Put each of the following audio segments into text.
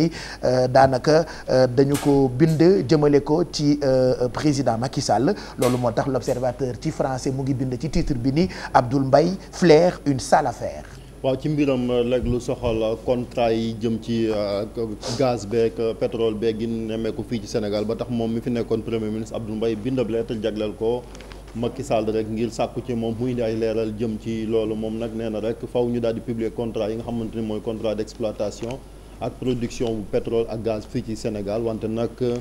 ni euh, daanaka euh, dañu ko bind jëmale ko ci euh, président Macky Sall loolu moo tax l'observateur ci français mu ngi bind ci titre bi ni Abdoul mbay flaire une sale affaire. waaw ci mbiram rek lu soxal contrat yi jëm ci gaz beeg pétrole beeg gi nemmeeku fii ci Sénégal ba tax moom mi fi nekkoon premier ministre Abdoul Mbaye bindab lettre jagleel ko Macky Sall rek ngir sàkku ci moom muy indi leeral jëm ci loolu moom nag nee na rek faw ñu daal di publier contrat yi nga xamante ni mooy contrat d'exploitation. ak production bu pétrole ak gaz fii ci Sénégal wante nag euh,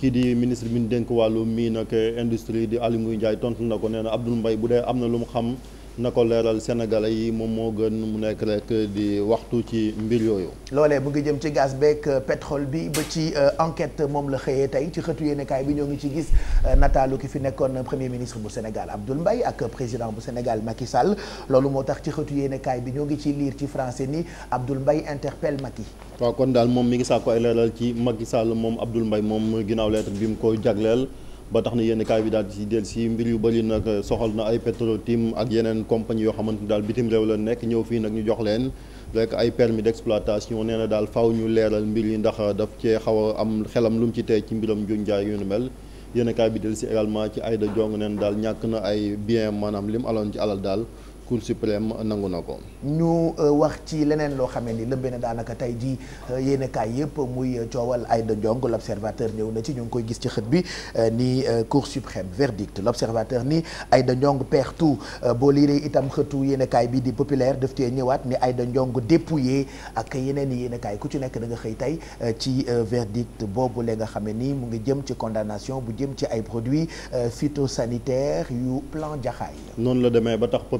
kii di ministre bi ñu dénk wàllu mine ak euh, industrie di Aly Ngouille Ndiaye tontu na ko nee na Abdoul Mbaye bu dee am na lu mu xam nako ko leeral sénégalais yi moom moo gën mu nekk rek di waxtu ci mbir yooyu. loolee mu ngi jëm ci gaz beeg euh, pétrole bi ba ci euh, enquête moom la xëyee tey ci xëtu yéenekaay bi ñoo ngi ci gis euh, nataalu ki fi nekkoon premier ministre bu Sénégal Abdoul Mbaye ak président bu Sénégal Macky Sall loolu moo tax ci xëtu yéenekaay bi ñoo ngi ci liir ci français ni Abdoul Mbaye interpelle Macky. waaw kon daal moom mi ngi sàkku ay leeral ci Macky Sall moom Abdoul Mbaye moom ginaaw lettre bi mu koy jagleel. ba tax na yenn kaay bi daal di si del si mbir yu bëri nag soxal na ay Petrotim ak yeneen compagnie yoo xamante ni daal bitim réew la nekk ñëw fii nag ñu jox leen rek ay permis d'exploitation nee na daal faw ñu leeral mbir yi ndax daf cee xaw a am xelam lu mu ci tey ci mbiram njuñ njaay yu nu mel yenn kaay bi del si également ci ayda Diong neen daal ñàkk na ay bien maanaam lim aloon ci alal daal cour suprême nangu na ko. ñu euh, wax ci leneen loo xamee ni lëmbe na daanaka tey jii euh, yéen kaay yëpp muy euh, coowal Aïda Ndiongue l'observateur ñëw na ci ñu ngi koy gis ci xët bi ni cour suprême verdict l'observateur ni Aïda Ndiongue perd tout boo liiree itam xëtu yéen kaay bi di populaire def ci ñëwaat ni Aïda Ndiongue dépouillé ak yeneen i ku ci nekk da xëy tey ci verdict boobu la nga xamee ni mu ngi jëm ci condamnation bu jëm ci ay produits phytosanitaires yu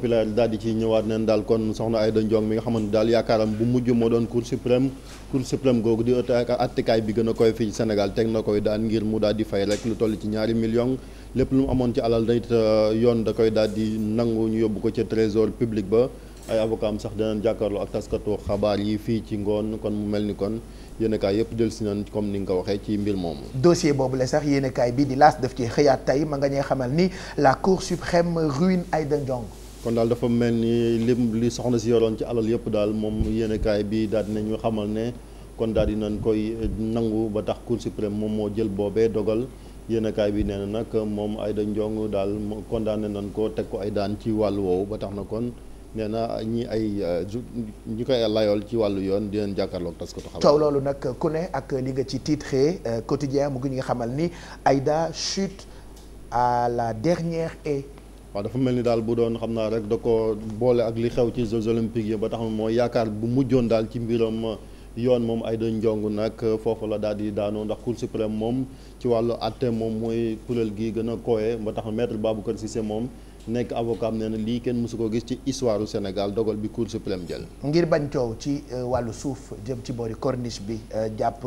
la daal di ci ñëwaat neen daal kon soxna Aïda Ndiong mi nga xamante daal yaakaaram bu mujj moo doon cour suprême cour suprême googu di kaay bi gën a koy fii Sénégal teg na koy daan ngir mu daal di fay rek lu toll ci ñaari million lépp lu amoon ci alal day yoon da koy daal di nangu ñu yóbbu ko ca trésor public ba ay avocat am sax danañ jàkkaarloo ak taskatu xabaar yi fii ci ngoon kon mu mel ni kon yéenekaay yëpp jël si nañ comme ni nga ko waxee ci mbir moomu. dossier boobu la sax yéenekaay bi di laas daf xëyaat tey ma nga ñuy xamal ni la cour suprême ruine Aïda Ndiong kon daal dafa mel ni lim li soxna si yoroon ci alal yëpp daal moom yéenekaay bi daal dinañu xamal ne kon daal di dinañ koy nangu ba tax Cour suprême moom moo jël boobee dogal yéenekaay bi nee na nag moom Aïda Ndiong daal condamné nañ ko teg ko ay daan ci wàllu woowu ba tax na kon nee na ñi ay euh, ñi koy layool ci wàllu yoon di leen jàkkaarloog tas ko taxaw. coow loolu nag ku ne ak li nga ci titré euh, quotidien mu ngi ñu xamal ni Aïda chute à la dernière et waa dafa mel ni daal bu doon xam naa rek da ko boole ak li xew ci Jeux olympiques yi ba tax mooy yaakaar bu mujjoon daal ci mbiram uh, yoon moom ay da njong nag uh, foofu la daal di daanoo ndax Cour suprême moom ci wàllu àtte moom mooy kuréel gi gën a kooye ba tax maître si see moom nekk avocat am nee na lii kenn mësu koo gis ci histoire du Sénégal dogal bi Cour suprême jël. ngir bañ coow ci euh, wàllu suuf jëm ci boori corniche bi euh, jàpp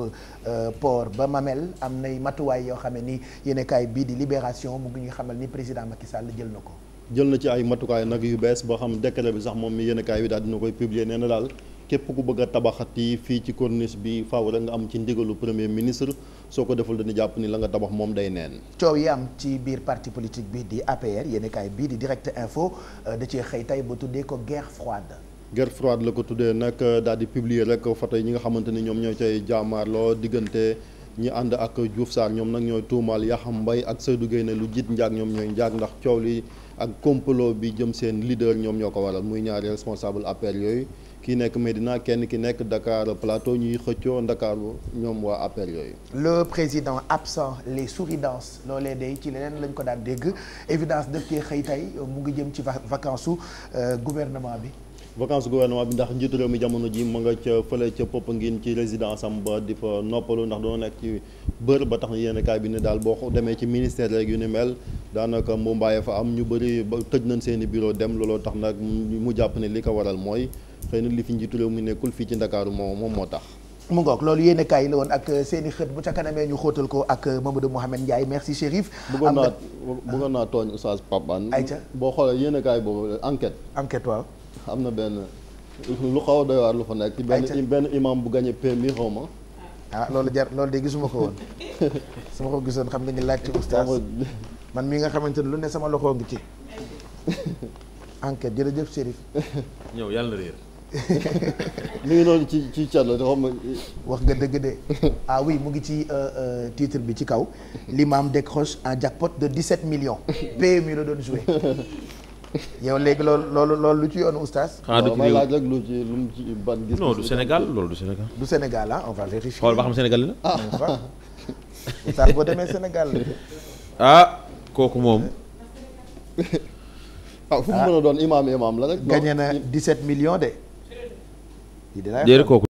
euh, port ba Mamel am nay matuwaay yoo xam ne ni yéenekaay bii di libération mu ngi ñuy xamal ni président Macky Sall jël na ko. jël na ci ay matukaay nag yu bees boo xam décret bi sax moom mi yéenekaay bi daal dina koy publier nee na daal képp ku bëgg a tabaxati fii ci corniche bi faaw rek nga am ci ndigalu premier ministre. soo ko deful dañu jàpp ni la nga tabax moom day neen coow yi am ci biir parti politique bi di APR yenekaay kaay bii di direct info euh, da cee xëy tey ba tuddee ko guerre froide guerre froide la ko tuddee nag euh, daal di publier rek foto yi ñi nga xamante ni ñoom ñoo cay jaamaarloo diggante ñi ànd ak Diouf Sarr ñoom nag ñooy tuumaal Yaxam mbay ak Seydou Guèye ne lu jiit njaag ñoom ñooy njaag ndax coow li ak complot bi jëm seen leader ñoom ñoo ko waral muy ñaari responsable APR yooyu kii nekk Médina kenn ki nekk Dakar Plateau ñuy xëccoo Dakar ñoom waa APR yooyu. le président absent les souridances loolee day ci leneen lañ ko daan dégg évidence def cee xëy tey mu ngi jëm ci vacances su euh, gouvernement bi. vacances gouvernement bi ndax njiitu réew mi jamono ji ma nga ca fële ca Popenguine ci résidence am ba di fa noppalu ndax doon nekk ci bër ba tax na yéen bi ne daal boo demee ci ministère rek yu ni mel daanaka mbuumbaay fa am ñu bari ba tëj nañ seeni i bureau dem looloo tax nag mu jàpp ne li ko waral mooy xëy na li fi njiitu réew mi nekkul fii ci Ndakaaru moo moom moo tax mu ngoog loolu yéen kaay yi la woon ak seen i xët bu ca kanamee ñu xóotal ko ak Mamadou Mouhamed Ndiaye merci Chérif. bëggoon naa bëggoon naa tooñ Oustaz Pape Hann. ayca boo xoolee yéen kaay boobu enquête. enquête waaw. am na benn lu xaw a doy waar lu fa nekk. benn benn imam bu gagné PMI xaw ma. ah loolu jar loolu de gisuma ko woon su ma ko gisoon xam nga ñu laaj ci man mii nga xamante ne lu ne sama loxo ngi ci enquête jërëjëf Chérif ñëw yàlla réer mu ngi noonu ci ci Thierno dafa ma wax nga dëgg de ah mu ngi ci euh, euh, titre bi ci kaw l'imam décroche un jackpot de 17 millions PMU la doon joué yow léegi loolu loolu loolu lu ci yoonu oustaz. xanaa du ci réew laaj lu ci lu mu ci ban. gis Sénégal loolu du Sénégal. du Sénégal ah on va vérifier. ba xam Sénégal la. ah oustaz boo demee Sénégal ah. kooku moom. ah fu mu mën a doon imaam imaam la rek. gagné na 17 millions de. di la kooku.